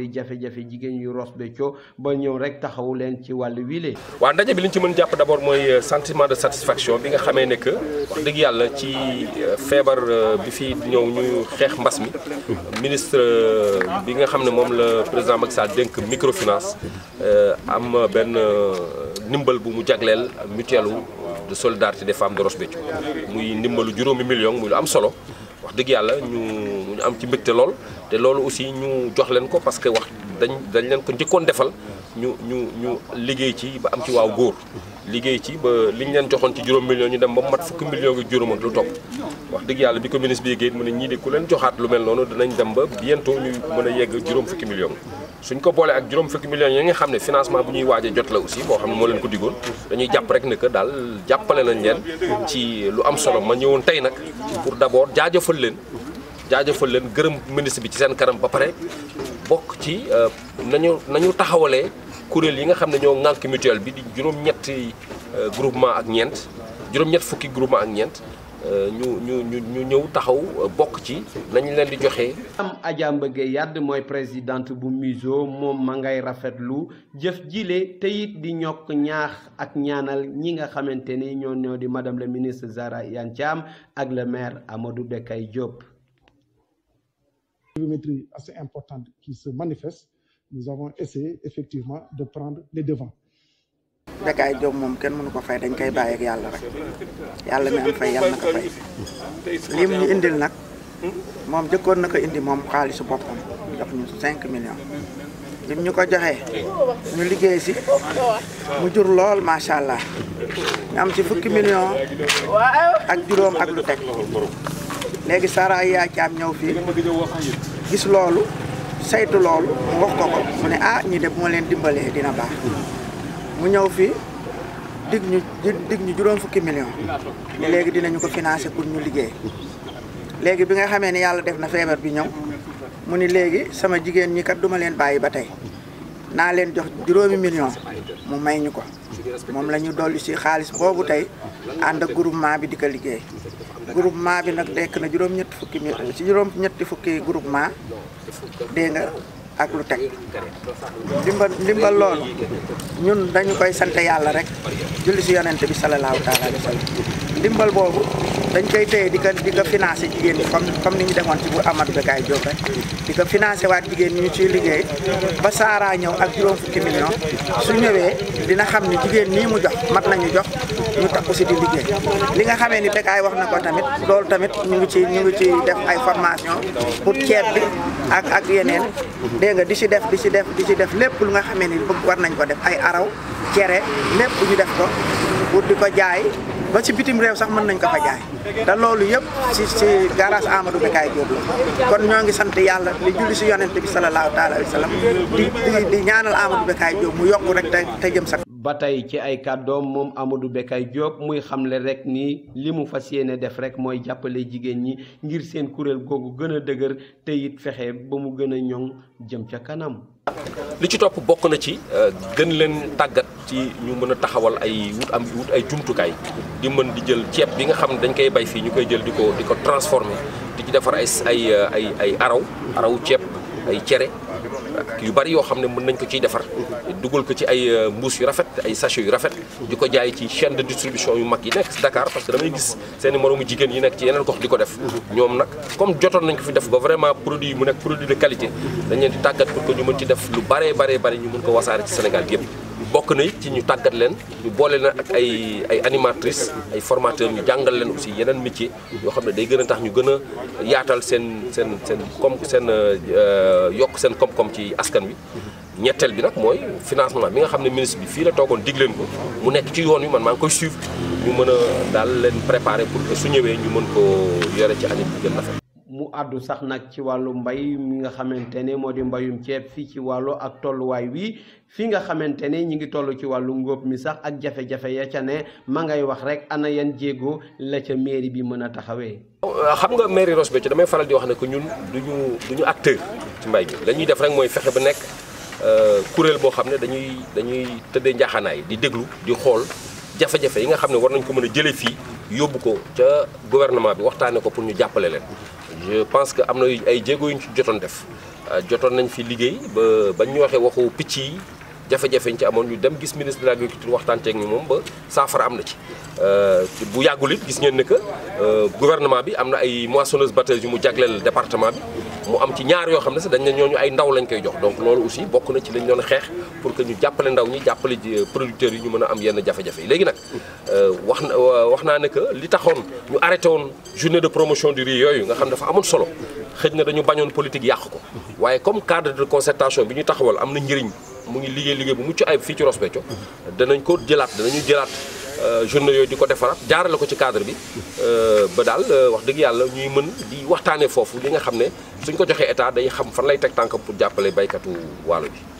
di jafe-jafe jigéen yu Ross Béthio ba ñëw rek taxawu leen ci wàllu wiile. waa ndaje bi li ñu ci mën jàpp dabord abord mooy euh, sentiment de satisfaction bi nga xamee ne que wax dëgg yàlla ci euh, feebar euh, bi fi ñëw ñu xeex mbas mi. ministre bi nga xam ne moom la président Macky Sall dénk microfinance am benn ndimbal bu mu jagleel mutuelle de solidarité de femmes de Ross Béthio muy ndimbalu juróomi million muy lu am solo. wax dëgg yàlla ñu ñu am ci mbégte lool te loolu aussi ñu jox leen ko parce que wax dañ dañ leen ko njëkkoon defal ñu ñu ñu liggéey ci ba am ci waaw góor liggéey ci ba li ñu leen joxoon ci juróom million ñu dem ba mat fukki million gi juróom ak lu topp wax dëgg yàlla bi ko ministre bi yéegee mu ne ñii de ku leen joxaat lu mel noonu danañ dem ba bientôt ñu mën a yegg juróom fukki million suñ ko bolé ak juroom fukki million yi nga xamné financement bu ñuy wajé jot la aussi bo xamné mo leen ko digoon dañuy japp rek ne que dal jappalé nañ leen ci lu am solo ma ñewoon tay nak pour d'abord jaajeufal leen jaajeufal leen gërëm ministre bi ci seen karam ba paré bok ci nañu eh, nañu taxawalé kurel yi nga xamné ñoo ngank mutuel bi di juroom ñett eh, groupement ak ñent juroom ñett fukki groupement ak ñent ñu ñu ñu ñëw taxaw euh, bokk ci nañu leen di joxe. am Adja Mbengue Yade mooy présidente bu MISO moom ma ngay rafetlu jëf jile te it di ñokk ñaax ak ñaanal ñi nga xamante ni ñoo ñoo di madame la ministre Zahra Iyane Thiam ak le maire Amadou Bekay Diop. Pluviométrie assez importante qui se manifeste nous avons essayé effectivement de prendre les devants. da kay jom mom ken mënu ko fay dañ koy baye ak yalla rek yalla mi am fay yalla naka fay lim ñu indil nak mom jëkkon naka indi mom xaalisu bopam daf ñu 5 millions lim ñu ko joxe ñu liggéey ci mu jur lool ma sha Allah am ci 10 millions ak juroom ak lu tek legi sara ya ci am ñew fi gis loolu saytu loolu wax ko ko mu ne ah ñi def mo leen dimbalé dina baax mu ñëw fii dig ñu dig ñu juróom fukki million ne léegi dinañu ko financer pour ñu liggéey léegi bi nga xamee ne yàlla def na feebar bi ñëw mu ni léegi sama jigéen ñii kat duma leen bàyyi ba tey naa leen jox juróomi million mu may ñu ko moom la ñu dolli si xaalis boobu tey ànd ak groupement bi di ko liggéey groupement bi nag dekk na juróom ñetti fukki si juróom ñetti fukki groupement dégg nga ak lu teg ndimbal ndimbal loolu ñun dañu koy sant yàlla rek julli si yonent bi salallaahu taala alayhi ndimbal boobu dañ koy téye di ko di ko financé jigéen ñi comme comme ni ñu demoon ci bu Amadou Becaye Diop rek di ko financé waat jigéen ñi ñu ci liggéey ba Saara ñëw ak juróom fukki million su ñëwee dina xam ni jigéen nii mu jox mat nañu jox ñu takku si di liggéey li nga xamee ni Becaye wax na ko tamit loolu tamit ñu ngi ci ñu ci def ay formation pour ceeb bi ak ak yeneen dégg nga di si def di si def di si def lépp lu nga xamee ni bëgg war nañ ko def ay araw cere lépp ñu def ko pour di ko jaay ba ci bitim réew sax mën nañ ko fa te loolu yëpp ci ci garage Amadou Bécaye Diop la kon ñoo ngi sant yàlla li julli ci yonent bi salallaahu taala alayhi wa sallam di ñaanal Amadou Bécaye Diop ba tey ci ay kàddoom moom Amadou Bécaye Diop muy xamle rek nii li mu fas yéene def rek mooy jàppale jigéen ñi ngir seen kuréel googu gën a dëgër te it fexe ba mu gën a ñoŋ jëm ca kanam li ci top bokk na ci euh, gën leen tagat ci ñu mëna taxawal ay wut am wut ay jumtu kay di mën di jël ciép bi nga xam dañ koy bay fi ñu jël diko diko transformer di ci defar ay ay euh, ay araw araw ciép ay ciéré ak yu bari yoo xam ne mën nañ ko ciy defar dugal ko ci ay euh, mbuus yu rafet ay sachet yu rafet di ko jaay ci chain de distribution yu mag yi nekk si parce que damay gis seen i moroomu jigéen yi nekk ci yeneen gox di ko def ñoom nag comme jotoon nañ ko fi def ba vraiment produit yi mu nekk produit de qualité dañ tàggat pour que ñu mën ci def lu baree baree bari ñu mën ko wasaare ci Sénégal yëpp bokk na ci ñu tàggat leen ñu boole na ak ay ay animatrices ay formateurs ñu jàngal leen aussi yeneen métier yoo xam ne day gën a tax ñu gën a yaatal seen seen seen comme seen euh, yokk seen koom ci askan wi. ñetteel bi nag mooy financement bi nga xam ne ministre bi fii la toogoon digg leen ko mu nekk ci yoon wi man maa ngi koy suivre ñu mën a daal leen préparer pour que su ñëwee ñu mën ko yore ci anam bi gën rafet addu sax nak ci walu mbay mi nga xamantene modi mbayum ciep fi ci walu ak tollu way wi fi nga xamantene ñi ngi tollu ci walu ngop mi sax ak jafé jafé ya ca ne ma ngay wax rek ana yan jéggo la ca mairie bi mëna taxawé xam nga mairie rosbe ci damay faral di wax nak ñun duñu duñu acteur ci mbay bi dañuy def rek moy fexé bu nek euh kurel bo xamne dañuy dañuy teudde njaxanaay di deglu di xol jafé jafé yi nga xamne war nañ ko mëna jëlé fi yobbu ko ca gouvernement bi waxtane ko pour ñu jappalé len je pense que am ay peu choses ci jafe-jafe ñu ci amoon ñu dem gis ministre de l' agriculture waxtaan ceeg moom ba saafara am na ci. Euh, bu yàggul it gis ngeen ne que euh, gouvernement bi am na ay moissonneuse batteuse yu mu jagleel département bi mu am ci ñaar yoo xam ne sax dañ ne ñooñu ay ndaw lañ koy jox donc loolu aussi bokk na ci lañ doon xeex pour que ñu jàppale ndaw ñi jàppale euh, producteurs yi ñu mën a am yenn jafe-jafe léegi nag wax na wax naa ne que li taxoon ñu arrêté woon journée de promotion du riz yooyu nga xam dafa amoon solo xëj na dañu bañoon politique yàq ko waaye comme cadre de bi ñu taxawal am na njëriñ mu ngi liggéey liggéey bu mucc ay fii ci Ross Béthio danañ ko jëlaat danañu jëlaat euh, journée yooyu di ko defaraat jaarale ko ci cadre bi euh, ba daal euh, wax dëgg yàlla ñuy mën di waxtaanee foofu li nga xam ne suñ ko joxee état day xam fan lay teg tànkam pour jàppale baykatu waalo bi